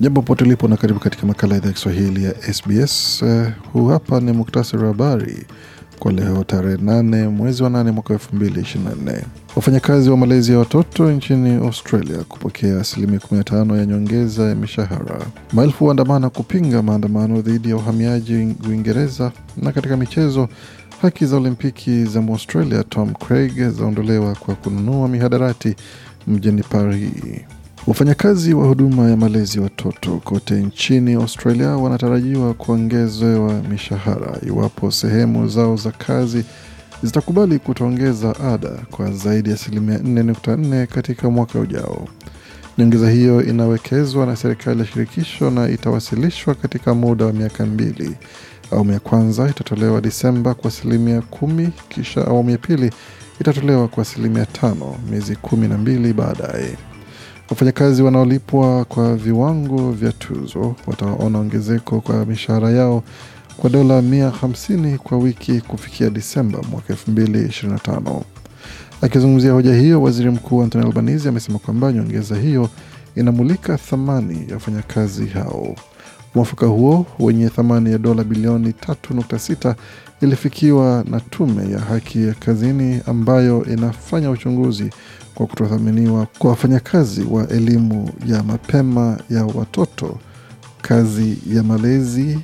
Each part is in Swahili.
Jambo pote ulipo na karibu katika makala ya idhaa ya Kiswahili ya SBS. Uh, eh, huu hapa ni muktasari wa habari kwa leo tarehe 8 mwezi wa nane mwaka nne. Wafanyakazi wa malezi ya watoto nchini Australia kupokea asilimia 15 ya nyongeza ya mishahara. Maelfu waandamana kupinga maandamano dhidi ya uhamiaji Uingereza. Na katika michezo, haki za Olimpiki za Muaustralia Tom Craig zaondolewa kwa kununua mihadarati mjini Paris. Wafanyakazi wa huduma ya malezi watoto kote nchini Australia wanatarajiwa kuongezewa mishahara iwapo sehemu zao za kazi zitakubali kutoongeza ada kwa zaidi ya asilimia 4.4 katika mwaka ujao. Nyongeza hiyo inawekezwa na serikali ya shirikisho na itawasilishwa katika muda wa miaka mbili. Awamu ya kwanza itatolewa Disemba kwa asilimia kumi, kisha awamu ya pili itatolewa kwa asilimia tano miezi kumi na mbili baadaye. Wafanyakazi wanaolipwa kwa viwango vya tuzo wataona ongezeko kwa mishahara yao kwa dola 150 kwa wiki kufikia Disemba mwaka 2025. Akizungumzia hoja hiyo, waziri mkuu Anthony Albanese amesema kwamba nyongeza hiyo inamulika thamani ya wafanyakazi hao. Mwafaka huo wenye thamani ya dola bilioni 3.6 ilifikiwa na tume ya haki ya kazini ambayo inafanya uchunguzi kwa kutothaminiwa kwa wafanyakazi wa elimu ya mapema ya watoto, kazi ya malezi,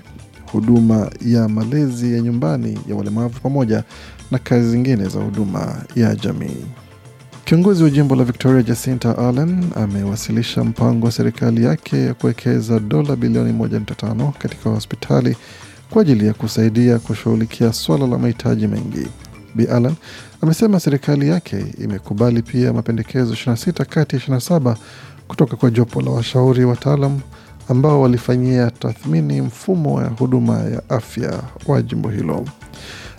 huduma ya malezi ya nyumbani ya walemavu, pamoja na kazi zingine za huduma ya jamii. Kiongozi wa jimbo la Victoria Jacinta Allen amewasilisha mpango wa serikali yake ya kuwekeza dola bilioni 1.5 katika hospitali kwa ajili ya kusaidia kushughulikia swala la mahitaji mengi. Bi Allen amesema serikali yake imekubali pia mapendekezo 26 kati ya 27 kutoka kwa jopo la washauri wataalam ambao walifanyia tathmini mfumo ya huduma ya afya wa jimbo hilo.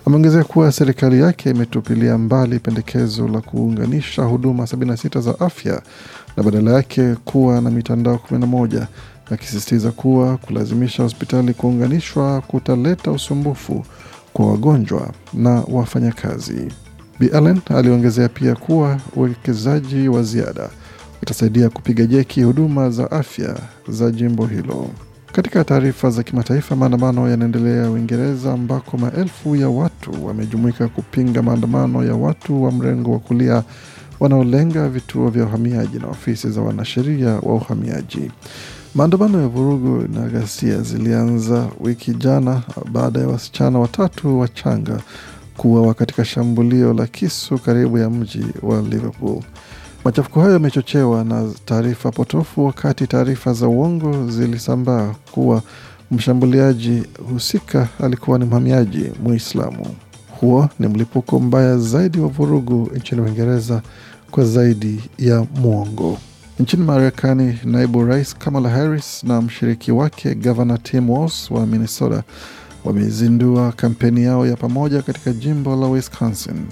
Ameongezea kuwa serikali yake imetupilia mbali pendekezo la kuunganisha huduma 76 za afya na badala yake kuwa na mitandao 11, akisisitiza kuwa kulazimisha hospitali kuunganishwa kutaleta usumbufu kwa wagonjwa na wafanyakazi. Bi Allen aliongezea pia kuwa uwekezaji wa ziada utasaidia kupiga jeki huduma za afya za jimbo hilo. Katika taarifa za kimataifa, maandamano yanaendelea Uingereza ambako maelfu ya watu wamejumuika kupinga maandamano ya watu wa mrengo wa kulia wanaolenga vituo vya uhamiaji na ofisi za wanasheria wa uhamiaji. Maandamano ya vurugu na ghasia zilianza wiki jana baada ya wasichana watatu wachanga kuuawa katika shambulio la kisu karibu ya mji wa Liverpool. Machafuko hayo yamechochewa na taarifa potofu, wakati taarifa za uongo zilisambaa kuwa mshambuliaji husika alikuwa ni mhamiaji Muislamu. Huo ni mlipuko mbaya zaidi wa vurugu nchini Uingereza kwa zaidi ya mwongo. Nchini Marekani, naibu rais Kamala Harris na mshiriki wake gavana Tim Walz wa Minnesota wamezindua kampeni yao ya pamoja katika jimbo la Wisconsin.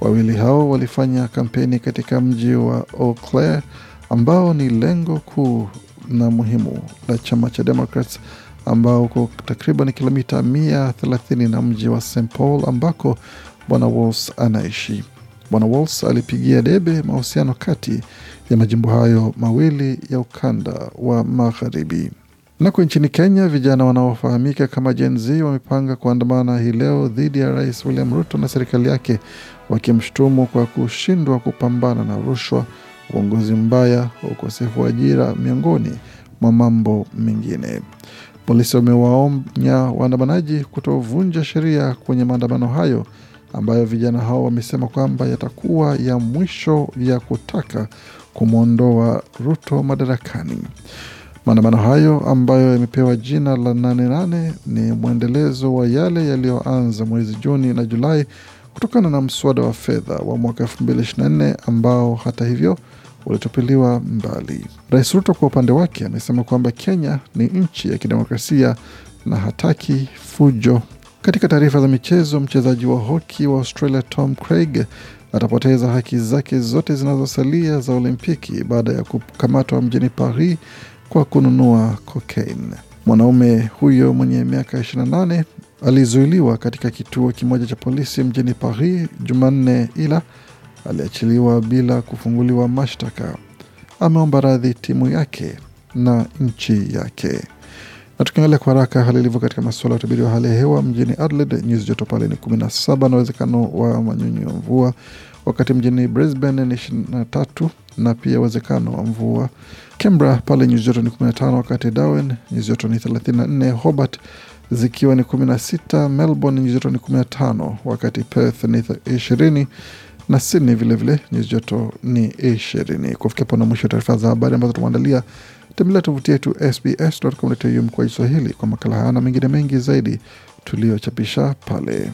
Wawili hao walifanya kampeni katika mji wa Eau Claire ambao ni lengo kuu na muhimu la chama cha Democrats ambao uko takriban kilomita 130 na mji wa St Paul ambako bwana Walz anaishi. Bwana Walls alipigia debe mahusiano kati ya majimbo hayo mawili ya ukanda wa magharibi. Nako nchini Kenya, vijana wanaofahamika kama Gen Z wamepanga kuandamana hii leo dhidi ya Rais William Ruto na serikali yake, wakimshutumu kwa kushindwa kupambana na rushwa, uongozi mbaya, ukosefu wa ajira, miongoni mwa mambo mengine. Polisi wamewaonya waandamanaji kutovunja sheria kwenye maandamano hayo ambayo vijana hao wamesema kwamba yatakuwa ya mwisho ya kutaka kumwondoa Ruto madarakani. Maandamano hayo ambayo yamepewa jina la nane nane ni mwendelezo wa yale yaliyoanza mwezi Juni na Julai kutokana na mswada wa fedha wa mwaka 224 ambao hata hivyo ulitupiliwa mbali. Rais Ruto kwa upande wake amesema kwamba Kenya ni nchi ya kidemokrasia na hataki fujo katika taarifa za michezo, mchezaji wa hoki wa Australia Tom Craig atapoteza haki zake zote zinazosalia za Olimpiki baada ya kukamatwa mjini Paris kwa kununua cocaine. Mwanaume huyo mwenye miaka 28 alizuiliwa katika kituo kimoja cha polisi mjini Paris Jumanne, ila aliachiliwa bila kufunguliwa mashtaka. Ameomba radhi timu yake na nchi yake. Na tukiangalia kwa haraka hali ilivyo katika masuala ya utabiri wa hali ya hewa mjini Adelaide, nyuzi joto pale ni 17 na uwezekano wa manyunyu ya mvua, wakati mjini Brisbane ni 23 na pia uwezekano wa mvua. Canberra pale nyuzi joto ni 15, wakati Darwin nyuzi joto ni 34, Hobart zikiwa ni 16, Melbourne nyuzi joto ni 15, wakati Perth ni 20 na Sydney vilevile nyuzi joto ni ishirini. Kufikia pona mwisho wa taarifa za habari ambazo tumeandalia. Tembelea tovuti yetu sbs.com.au mkoa Kiswahili kwa makala haya na mengine mengi zaidi tuliyochapisha pale.